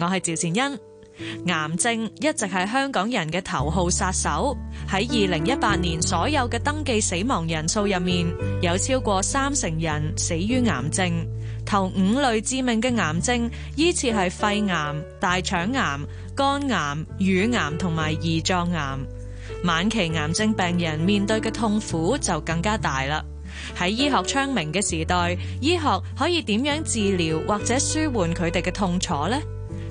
我係趙善恩。癌症一直係香港人嘅頭號殺手。喺二零一八年，所有嘅登記死亡人數入面，有超過三成人死於癌症。頭五類致命嘅癌症依次係肺癌、大腸癌、肝癌、乳癌同埋胰臟癌。晚期癌症病人面對嘅痛苦就更加大啦。喺醫學昌明嘅時代，醫學可以點樣治療或者舒緩佢哋嘅痛楚呢？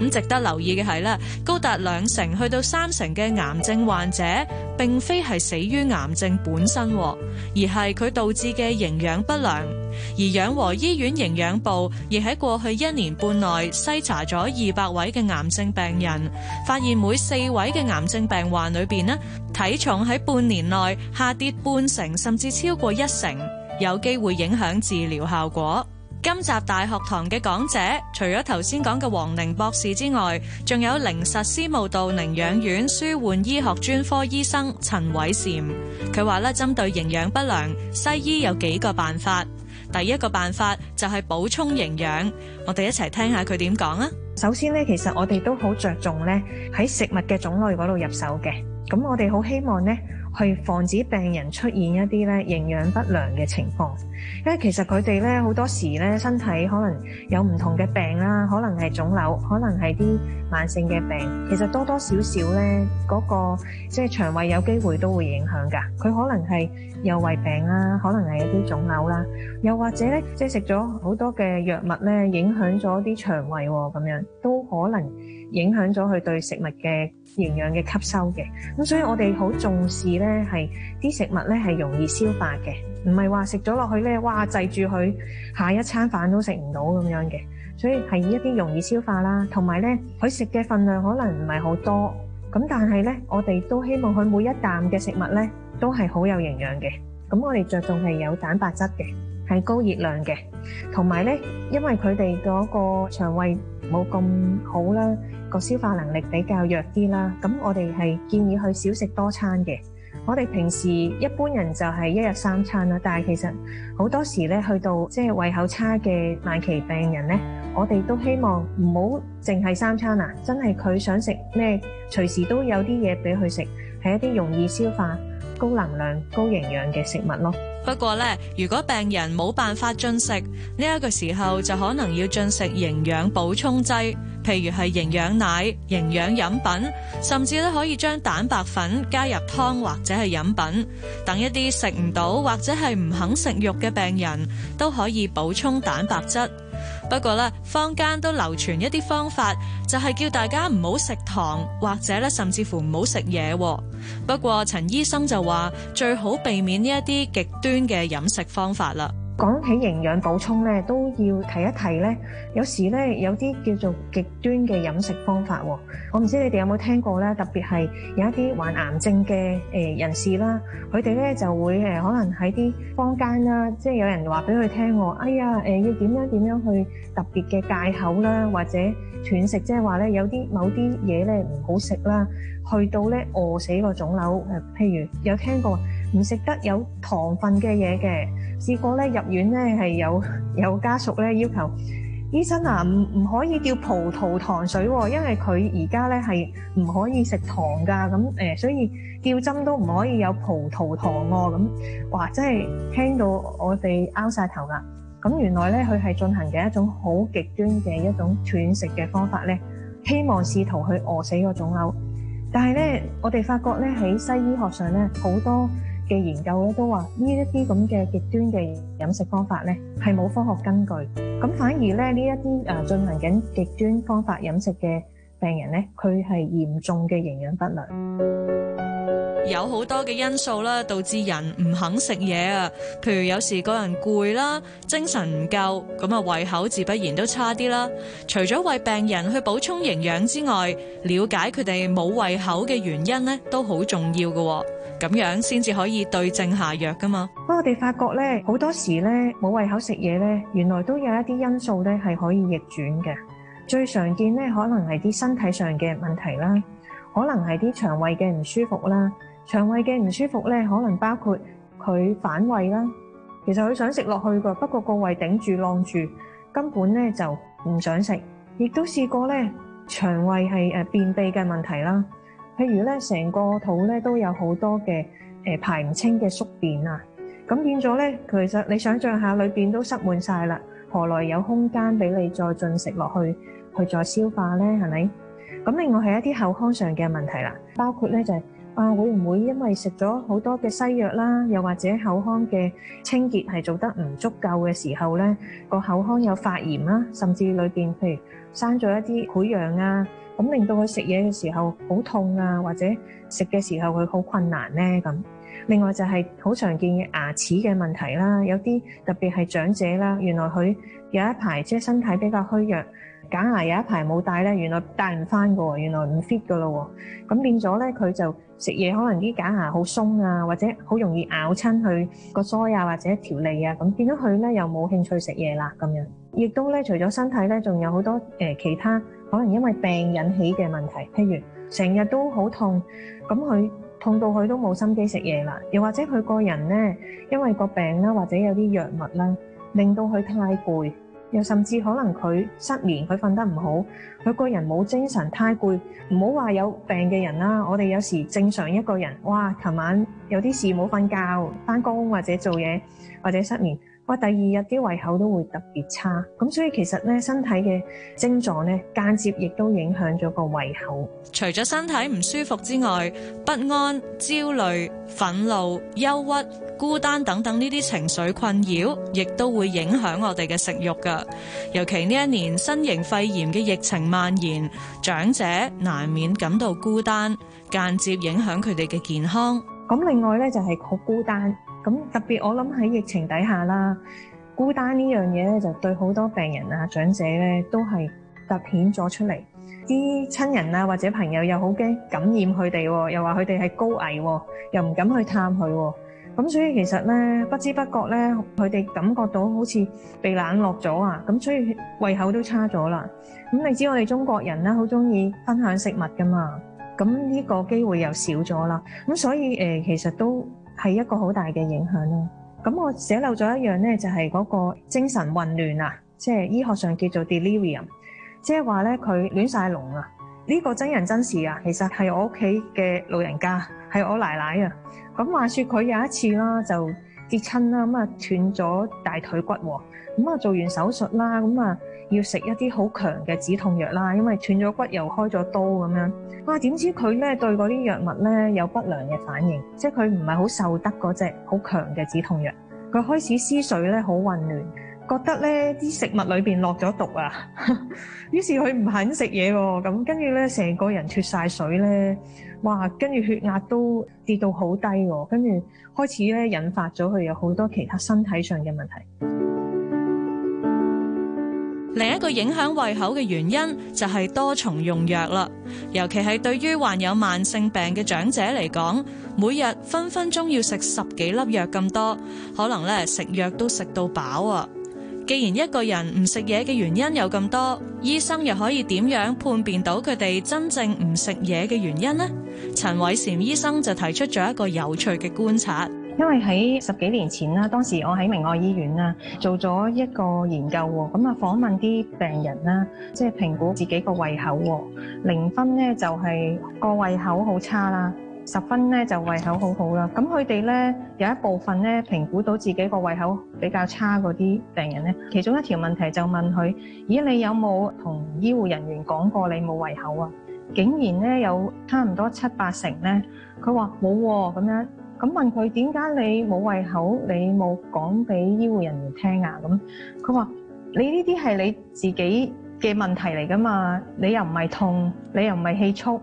咁值得留意嘅係咧，高達兩成去到三成嘅癌症患者，並非係死於癌症本身，而係佢導致嘅營養不良。而養和醫院營養部亦喺過去一年半內篩查咗二百位嘅癌症病人，發現每四位嘅癌症病患裏邊咧，體重喺半年內下跌半成，甚至超過一成，有機會影響治療效果。今集大學堂嘅講者，除咗頭先講嘅王寧博士之外，仲有靈實司務道寧養院舒緩醫學專科醫生陳煒嬋。佢話咧，針對營養不良，西醫有幾個辦法。第一個辦法就係補充營養。我哋一齊聽下佢點講啊。首先呢，其實我哋都好着重呢喺食物嘅種類嗰度入手嘅。咁我哋好希望呢。去防止病人出現一啲咧營養不良嘅情況，因為其實佢哋咧好多時咧身體可能有唔同嘅病啦，可能係腫瘤，可能係啲慢性嘅病，其實多多少少咧嗰個即係腸胃有機會都會影響噶。佢可能係有胃病啦，可能係有啲腫瘤啦，又或者咧即係食咗好多嘅藥物咧，影響咗啲腸胃喎，咁樣都可能影響咗佢對食物嘅營養嘅吸收嘅，咁所以我哋好重視咧，係啲食物咧係容易消化嘅，唔係話食咗落去咧，哇，滯住佢下一餐飯都食唔到咁樣嘅，所以係一啲容易消化啦，同埋咧佢食嘅份量可能唔係好多，咁但係咧我哋都希望佢每一啖嘅食物咧都係好有營養嘅，咁我哋着重係有蛋白質嘅。係高熱量嘅，同埋呢，因為佢哋嗰個腸胃冇咁好啦，個消化能力比較弱啲啦。咁我哋係建議去少食多餐嘅。我哋平時一般人就係一日三餐啦，但係其實好多時呢，去到即係胃口差嘅晚期病人呢，我哋都希望唔好淨係三餐啊，真係佢想食咩，隨時都有啲嘢俾佢食，係一啲容易消化、高能量、高營養嘅食物咯。不過咧，如果病人冇辦法進食呢一個時候，就可能要進食營養補充劑，譬如係營養奶、營養飲品，甚至咧可以將蛋白粉加入湯或者係飲品，等一啲食唔到或者係唔肯食肉嘅病人，都可以補充蛋白質。不過咧，坊間都流傳一啲方法，就係、是、叫大家唔好食糖，或者甚至乎唔好食嘢。不過陳醫生就話，最好避免呢一啲極端嘅飲食方法啦。講起營養補充呢，都要提一提呢，有時呢，有啲叫做極端嘅飲食方法喎。我唔知你哋有冇聽過呢？特別係有一啲患癌症嘅人士啦。佢哋呢，就會可能喺啲坊間啦，即係有人話俾佢聽喎，哎呀，要點樣點樣去特別嘅戒口啦，或者斷食即係話呢，有啲某啲嘢呢，唔好食啦。去到呢，餓死個腫瘤，譬如有聽過，唔食得有糖分嘅嘢嘅，試過咧入院咧係有有家屬咧要求醫生啊，唔唔可以吊葡萄糖水喎、哦，因為佢而家咧係唔可以食糖㗎，咁誒、呃、所以吊針都唔可以有葡萄糖喎、哦，咁哇真係聽到我哋拗晒頭啦。咁原來咧佢係進行嘅一種好極端嘅一種斷食嘅方法咧，希望試圖去餓死個腫瘤。但係咧我哋發覺咧喺西醫學上咧好多。嘅研究咧都話呢一啲咁嘅極端嘅飲食方法咧係冇科學根據，咁反而咧呢一啲誒進行緊極端方法飲食嘅病人咧，佢係嚴重嘅營養不良。有好多嘅因素啦，導致人唔肯食嘢啊，譬如有時個人攰啦，精神唔夠，咁啊胃口自不然都差啲啦。除咗為病人去補充營養之外，了解佢哋冇胃口嘅原因咧，都好重要㗎喎。咁樣先至可以對症下藥噶嘛？不過我哋發覺咧，好多時咧冇胃口食嘢咧，原來都有一啲因素咧係可以逆轉嘅。最常見咧，可能係啲身體上嘅問題啦，可能係啲腸胃嘅唔舒服啦。腸胃嘅唔舒服咧，可能包括佢反胃啦。其實佢想食落去㗎，不過個胃頂住晾住，根本咧就唔想食。亦都試過咧，腸胃係誒便秘嘅問題啦。譬如咧，成個肚咧都有好多嘅誒排唔清嘅宿便啊，咁變咗咧，其實你想像下，裏邊都塞滿晒啦，何來有空間俾你再進食落去，去再消化咧？係咪？咁另外係一啲口腔上嘅問題啦，包括咧就係、是。啊會唔會因為食咗好多嘅西藥啦，又或者口腔嘅清潔係做得唔足夠嘅時候咧，個口腔有發炎啦，甚至裏邊譬如生咗一啲潰瘍啊，咁令到佢食嘢嘅時候好痛啊，或者食嘅時候佢好困難咧咁。另外就係好常見嘅牙齒嘅問題啦，有啲特別係長者啦，原來佢有一排即係身體比較虛弱。假牙有一排冇戴咧，原來戴唔翻嘅喎，原來唔 fit 嘅咯喎，咁變咗咧佢就食嘢可能啲假牙好鬆啊，或者好容易咬親佢個腮啊或者條脷啊，咁變咗佢咧又冇興趣食嘢啦咁樣，亦都咧除咗身體咧，仲有好多誒、呃、其他可能因為病引起嘅問題，譬如成日都好痛，咁佢痛到佢都冇心機食嘢啦，又或者佢個人咧因為個病啦或者有啲藥物啦，令到佢太攰。又甚至可能佢失眠，佢瞓得唔好，佢個人冇精神，太攰。唔好話有病嘅人啦，我哋有時正常一個人，哇！琴晚有啲事冇瞓覺，返工或者做嘢或者失眠，哇！第二日啲胃口都會特別差。咁所以其實咧，身體嘅症狀咧，間接亦都影響咗個胃口。除咗身體唔舒服之外，不安、焦慮、憤怒、憂鬱、孤單等等呢啲情緒困擾，亦都會影響我哋嘅食欲噶尤其呢一年新型肺炎嘅疫情蔓延，長者難免感到孤單，間接影響佢哋嘅健康。咁另外呢，就係好孤單咁，特別我諗喺疫情底下啦，孤單呢樣嘢咧就對好多病人啊、長者呢都係突顯咗出嚟。啲親人啊或者朋友又好驚感染佢哋，又話佢哋係高危，又唔敢去探佢。咁所以其實咧，不知不覺咧，佢哋感覺到好似被冷落咗啊！咁所以胃口都差咗啦。咁你知我哋中國人咧，好中意分享食物噶嘛？咁呢個機會又少咗啦。咁所以誒、呃，其實都係一個好大嘅影響啦。咁我寫漏咗一樣咧，就係嗰個精神混亂啊，即係醫學上叫做 delirium，即係話咧佢亂晒龍啊！呢個真人真事啊，其實係我屋企嘅老人家，係我奶奶啊。咁話說佢有一次啦，就跌親啦，咁啊斷咗大腿骨喎，咁啊做完手術啦，咁啊要食一啲好強嘅止痛藥啦，因為斷咗骨又開咗刀咁樣。哇！點知佢咧對嗰啲藥物咧有不良嘅反應，即係佢唔係好受得嗰隻好強嘅止痛藥。佢開始思緒咧好混亂，覺得咧啲食物裏邊落咗毒啊， 於是佢唔肯食嘢喎，咁跟住咧成個人脫晒水咧。哇！跟住血壓都跌到好低喎，跟住開始咧引發咗佢有好多其他身體上嘅問題。另一個影響胃口嘅原因就係多重用藥啦，尤其係對於患有慢性病嘅長者嚟講，每日分分鐘要食十幾粒藥咁多，可能咧食藥都食到飽啊！既然一個人唔食嘢嘅原因有咁多，醫生又可以點樣判別到佢哋真正唔食嘢嘅原因呢？陳煒嬋醫生就提出咗一個有趣嘅觀察，因為喺十幾年前啦，當時我喺明愛醫院啦做咗一個研究，咁啊訪問啲病人啦，即係評估自己個胃口，零分咧就係個胃口好差啦，十分咧就胃口好好啦。咁佢哋咧有一部分咧評估到自己個胃口比較差嗰啲病人咧，其中一條問題就問佢：咦，你有冇同醫護人員講過你冇胃口啊？竟然咧有差唔多七八成咧，佢話冇喎咁樣，咁問佢點解你冇胃口？你冇講俾醫護人員聽啊？咁佢話：你呢啲係你自己嘅問題嚟噶嘛。你又唔係痛，你又唔係氣促，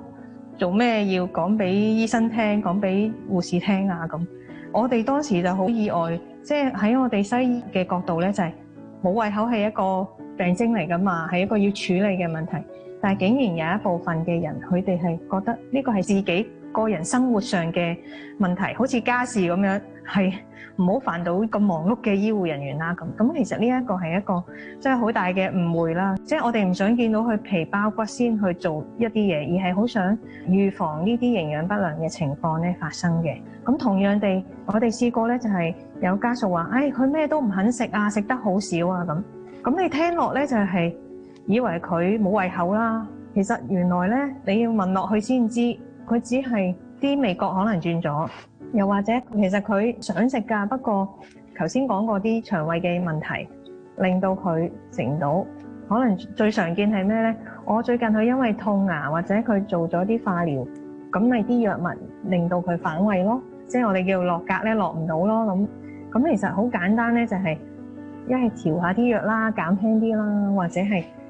做咩要講俾醫生聽、講俾護士聽啊？咁我哋當時就好意外，即係喺我哋西醫嘅角度咧，就係冇胃口係一個病徵嚟噶嘛，係一個要處理嘅問題。但係竟然有一部分嘅人，佢哋係覺得呢個係自己個人生活上嘅問題，好似家事咁樣，係唔好煩到咁忙碌嘅醫護人員啦咁。咁其實呢一個係一個真係好大嘅誤會啦。即係我哋唔想見到佢皮包骨先去做一啲嘢，而係好想預防呢啲營養不良嘅情況咧發生嘅。咁同樣地，我哋試過咧就係有家屬話，誒佢咩都唔肯食啊，食得好少啊咁。咁你聽落咧就係。以為佢冇胃口啦，其實原來咧，你要問落去先知。佢只係啲味覺可能轉咗，又或者其實佢想食㗎，不過頭先講過啲腸胃嘅問題，令到佢食唔到。可能最常見係咩咧？我最近佢因為痛牙，或者佢做咗啲化療，咁咪啲藥物令到佢反胃咯，即係我哋叫落格咧，落唔到咯。咁咁其實好簡單咧，就係一係調下啲藥啦，減輕啲啦，或者係。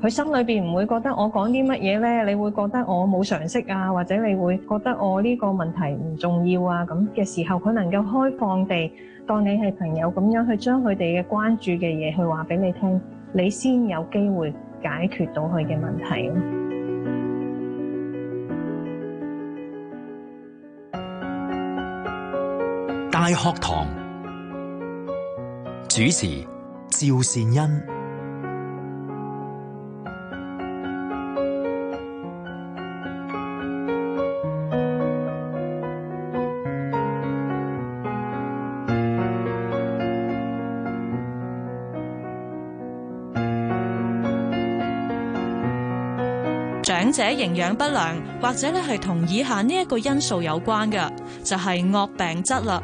佢心裏邊唔會覺得我講啲乜嘢咧，你會覺得我冇常識啊，或者你會覺得我呢個問題唔重要啊，咁嘅時候，佢能夠開放地當你係朋友咁樣去將佢哋嘅關注嘅嘢去話俾你聽，你先有機會解決到佢嘅問題。大學堂主持趙善恩。長者營養不良，或者咧係同以下呢一個因素有關嘅，就係、是、惡病質啦。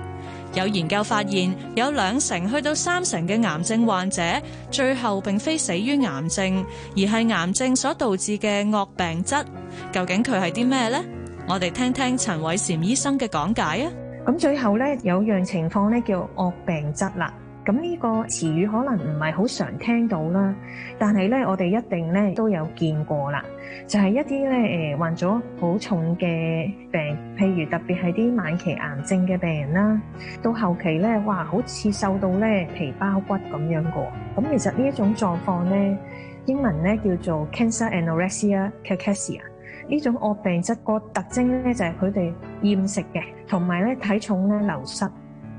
有研究發現，有兩成去到三成嘅癌症患者，最後並非死於癌症，而係癌症所導致嘅惡病質。究竟佢係啲咩呢？我哋聽聽陳煒嬋醫生嘅講解啊。咁最後咧，有樣情況咧叫惡病質啦。咁呢個詞語可能唔係好常聽到啦，但係咧我哋一定咧都有見過啦。就係一啲咧誒患咗好重嘅病，譬如特別係啲晚期癌症嘅病人啦，到後期咧，哇，好似瘦到咧皮包骨咁樣㗎。咁其實呢一種狀況咧，英文咧叫做 cancer anorexia cachexia。呢種惡病質嘅特徵咧就係佢哋厭食嘅，同埋咧體重咧流失。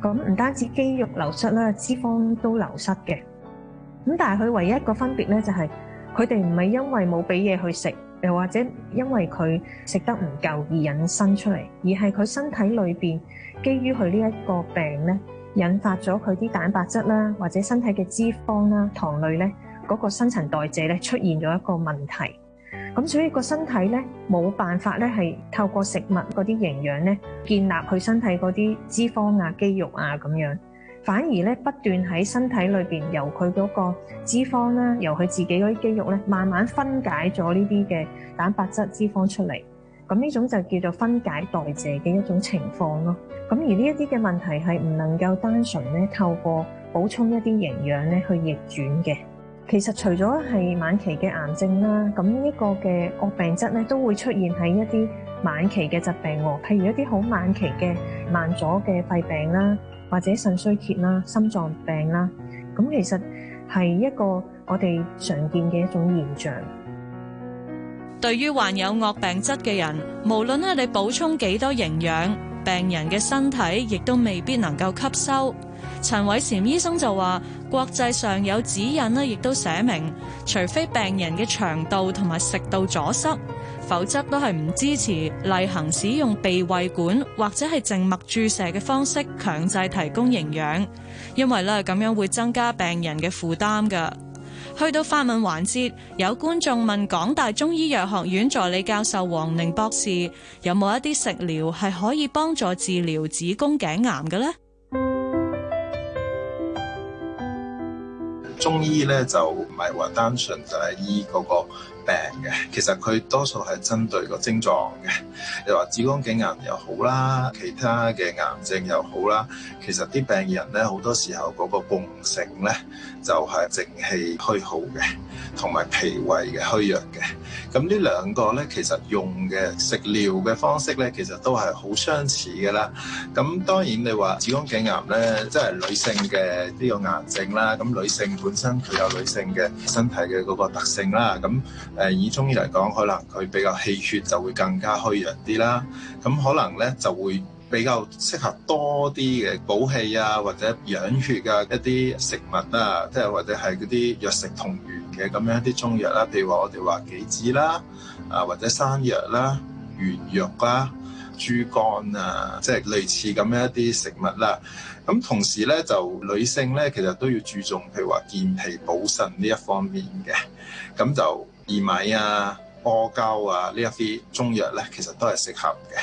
咁唔單止肌肉流失啦，脂肪都流失嘅。咁但係佢唯一個分別咧，就係佢哋唔係因為冇俾嘢去食，又或者因為佢食得唔夠而引申出嚟，而係佢身體裏邊基於佢呢一個病咧，引發咗佢啲蛋白質啦，或者身體嘅脂肪啦、糖類咧嗰個新陳代謝咧出現咗一個問題。咁所以個身體咧冇辦法咧係透過食物嗰啲營養咧建立佢身體嗰啲脂肪啊、肌肉啊咁樣，反而咧不斷喺身體裏邊由佢嗰個脂肪啦、啊，由佢自己嗰啲肌肉咧慢慢分解咗呢啲嘅蛋白質脂肪出嚟，咁呢種就叫做分解代謝嘅一種情況咯。咁而呢一啲嘅問題係唔能夠單純咧透過補充一啲營養咧去逆轉嘅。其實除咗係晚期嘅癌症啦，咁一個嘅惡病質咧都會出現喺一啲晚期嘅疾病喎，譬如一啲好晚期嘅慢阻嘅肺病啦，或者腎衰竭啦、心臟病啦，咁其實係一個我哋常見嘅一種現象。對於患有惡病質嘅人，無論咧你補充幾多營養，病人嘅身體亦都未必能夠吸收。陳偉賢醫生，就話：國際上有指引咧，亦都寫明，除非病人嘅腸道同埋食道阻塞，否則都係唔支持例行使用鼻胃管或者係靜脈注射嘅方式強制提供營養，因為咧咁樣會增加病人嘅負擔㗎。去到發問環節，有觀眾問「港大中醫藥學院助理教授王寧博士有冇一啲食療係可以幫助治療子宮頸癌嘅呢？」中醫咧就唔係話單純就係、是、醫嗰、那個病嘅，其實佢多數係針對個症狀嘅，你話子宮頸癌又好啦，其他嘅癌症又好啦。其實啲病人咧，好多時候嗰個共性咧，就係正氣虛耗嘅，同埋脾胃嘅虛弱嘅。咁呢兩個咧，其實用嘅食療嘅方式咧，其實都係好相似嘅啦。咁當然你話子宮頸癌咧，即係女性嘅呢個癌症啦。咁女性本身佢有女性嘅身體嘅嗰個特性啦。咁誒以中醫嚟講，可能佢比較氣血就會更加虛弱啲啦，咁可能咧就會比較適合多啲嘅補氣啊或者養血嘅、啊、一啲食物啊，即係或者係嗰啲藥食同源嘅咁樣一啲中藥啦、啊，譬如話我哋話杞子啦、啊，啊或者山藥啦、圓肉啦、豬肝啊，即係類似咁樣一啲食物啦、啊。咁同時咧，就女性咧其實都要注重譬如話健脾補腎呢一方面嘅，咁就。薏米啊、阿膠啊呢一啲中藥咧，其實都係適合嘅。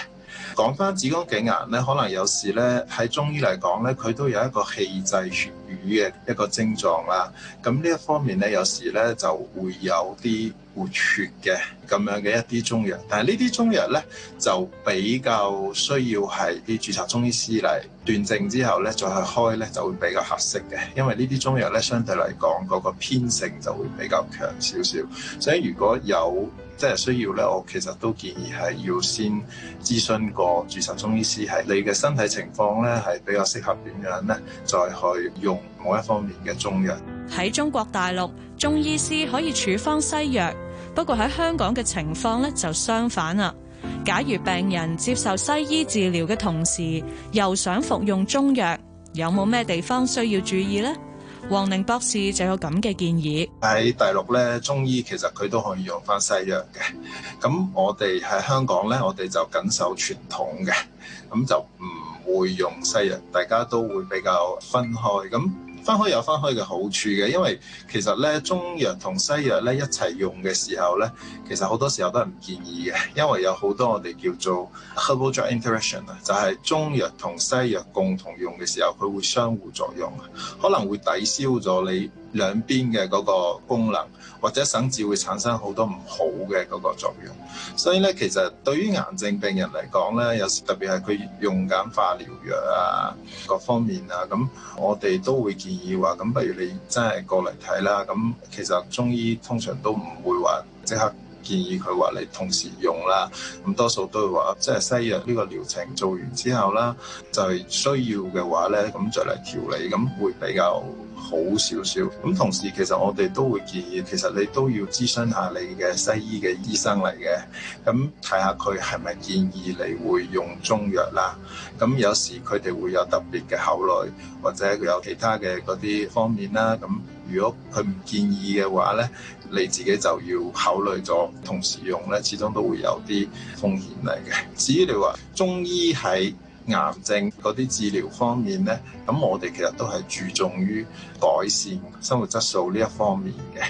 講返子宮頸癌咧，可能有時咧喺中醫嚟講咧，佢都有一個氣滯血瘀嘅一個症狀啦。咁呢一方面咧，有時咧就會有啲。活血嘅咁樣嘅一啲中藥，但係呢啲中藥呢，就比較需要係啲註冊中醫師嚟斷症之後呢，再去開呢就會比較合適嘅，因為呢啲中藥呢，相對嚟講嗰個偏性就會比較強少少，所以如果有即係需要呢，我其實都建議係要先諮詢過註冊中醫師，係你嘅身體情況呢，係比較適合點樣呢，再去用某一方面嘅中藥。喺中國大陸，中醫師可以處方西藥。不過喺香港嘅情況呢，就相反啦。假如病人接受西醫治療嘅同時又想服用中藥，有冇咩地方需要注意呢？王寧博士就有咁嘅建議。喺大陸呢，中醫其實佢都可以用返西藥嘅。咁我哋喺香港呢，我哋就緊守傳統嘅，咁就唔會用西藥，大家都會比較分開。分開有分開嘅好處嘅，因為其實呢，中藥同西藥呢一齊用嘅時候呢。其實好多時候都係唔建議嘅，因為有好多我哋叫做 herbal drug interaction 啊，就係中藥同西藥共同用嘅時候，佢會相互作用，可能會抵消咗你兩邊嘅嗰個功能，或者甚至會產生好多唔好嘅嗰個作用。所以咧，其實對於癌症病人嚟講咧，有時特別係佢用緊化療藥啊，各方面啊，咁我哋都會建議話，咁不如你真係過嚟睇啦。咁其實中醫通常都唔會話即刻。建議佢話你同時用啦，咁多數都會話即係西藥呢個療程做完之後啦，就係需要嘅話呢，咁再嚟調理咁會比較好少少。咁同時其實我哋都會建議，其實你都要諮詢下你嘅西醫嘅醫生嚟嘅，咁睇下佢係咪建議你會用中藥啦。咁有時佢哋會有特別嘅考慮，或者佢有其他嘅嗰啲方面啦，咁。如果佢唔建議嘅話呢，你自己就要考慮咗，同時用呢，始終都會有啲風險嚟嘅。至於你話中醫喺，癌症嗰啲治療方面呢，咁我哋其實都係注重於改善生活質素呢一方面嘅。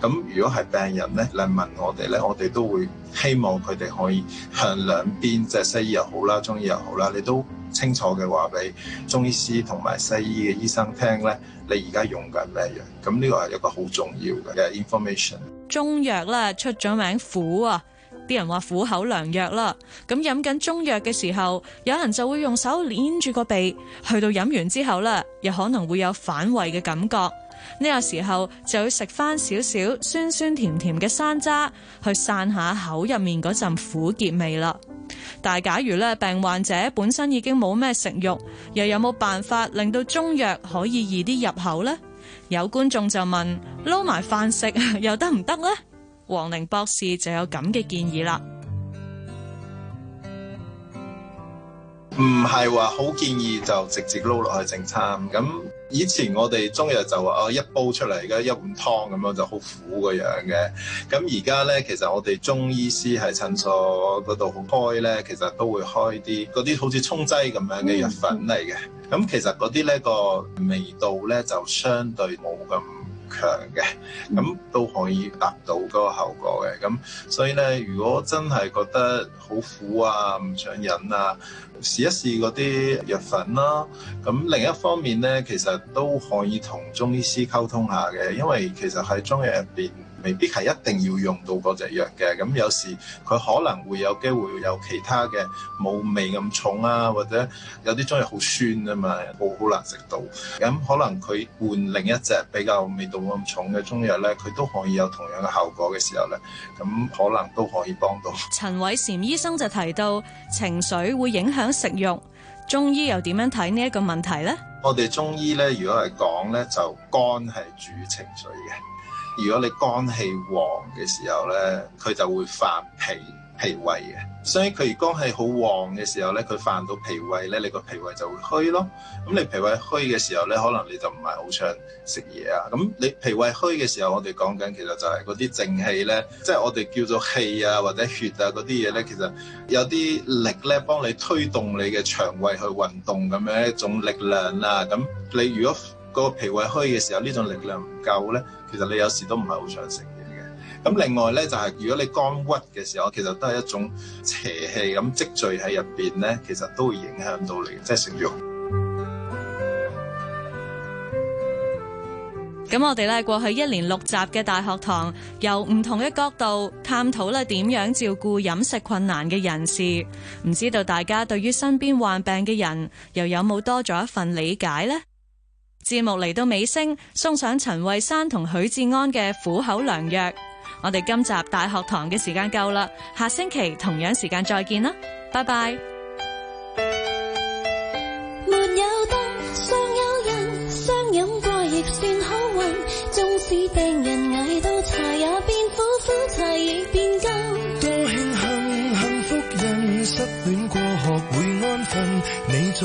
咁如果係病人呢，嚟問我哋呢，我哋都會希望佢哋可以向兩邊，即係西醫又好啦，中醫又好啦，你都清楚嘅話俾中醫師同埋西醫嘅醫生聽呢，你而家用緊咩藥？咁呢個係一個好重要嘅 information。中藥啦，出咗名苦啊！啲人話苦口良藥啦，咁飲緊中藥嘅時候，有人就會用手捏住個鼻，去到飲完之後呢，又可能會有反胃嘅感覺。呢個時候就要食翻少少酸酸甜甜嘅山楂，去散下口入面嗰陣苦澀味啦。但係假如呢，病患者本身已經冇咩食慾，又有冇辦法令到中藥可以易啲入口呢？有觀眾就問：「撈埋飯食 又得唔得呢？」王寧博士就有咁嘅建議啦，唔係話好建議就直接撈落去正餐。咁以前我哋中藥就話哦、啊，一煲出嚟而家一碗湯咁樣就好苦嘅樣嘅。咁而家咧，其實我哋中醫師係診所嗰度開咧，其實都會開啲嗰啲好似沖劑咁樣嘅藥粉嚟嘅。咁、嗯、其實嗰啲咧個味道咧就相對冇咁。強嘅，咁都可以達到嗰個效果嘅，咁所以咧，如果真係覺得好苦啊，唔想飲啊，試一試嗰啲藥粉啦。咁另一方面咧，其實都可以同中醫師溝通下嘅，因為其實喺中藥入邊，未必係一定要用到嗰隻藥嘅，咁有時佢可能會有機會有其他嘅冇味咁重啊，或者有啲中藥好酸啊嘛，好好難食到。咁可能佢換另一隻比較味道咁重嘅中藥呢，佢都可以有同樣嘅效果嘅時候呢，咁可能都可以幫到。陳煒嬋醫生就提到情緒會影響食慾，中醫又點樣睇呢一個問題呢？我哋中醫呢，如果係講呢，就肝係主情緒嘅。如果你肝氣旺嘅時候咧，佢就會犯脾脾胃嘅，所以佢如肝氣好旺嘅時候咧，佢犯到脾胃咧，你個脾胃就會虛咯。咁你脾胃虛嘅時候咧，可能你就唔係好想食嘢啊。咁你脾胃虛嘅時候，我哋講緊其實就係嗰啲正氣咧，即係我哋叫做氣啊或者血啊嗰啲嘢咧，其實有啲力咧幫你推動你嘅腸胃去運動咁樣一種力量啦。咁你如果個脾胃虛嘅時候，呢種力量唔夠呢？其實你有時都唔係好想食嘢嘅。咁另外呢、就係，就係如果你肝鬱嘅時候，其實都係一種邪氣咁積聚喺入邊呢，其實都會影響到你，即係食慾。咁我哋咧過去一連六集嘅大學堂，由唔同嘅角度探討咧點樣照顧飲食困難嘅人士。唔知道大家對於身邊患病嘅人，又有冇多咗一份理解呢？節目嚟到尾聲，送上陳慧珊同許志安嘅苦口良藥。我哋今集大學堂嘅時間夠啦，下星期同樣時間再見啦，拜拜。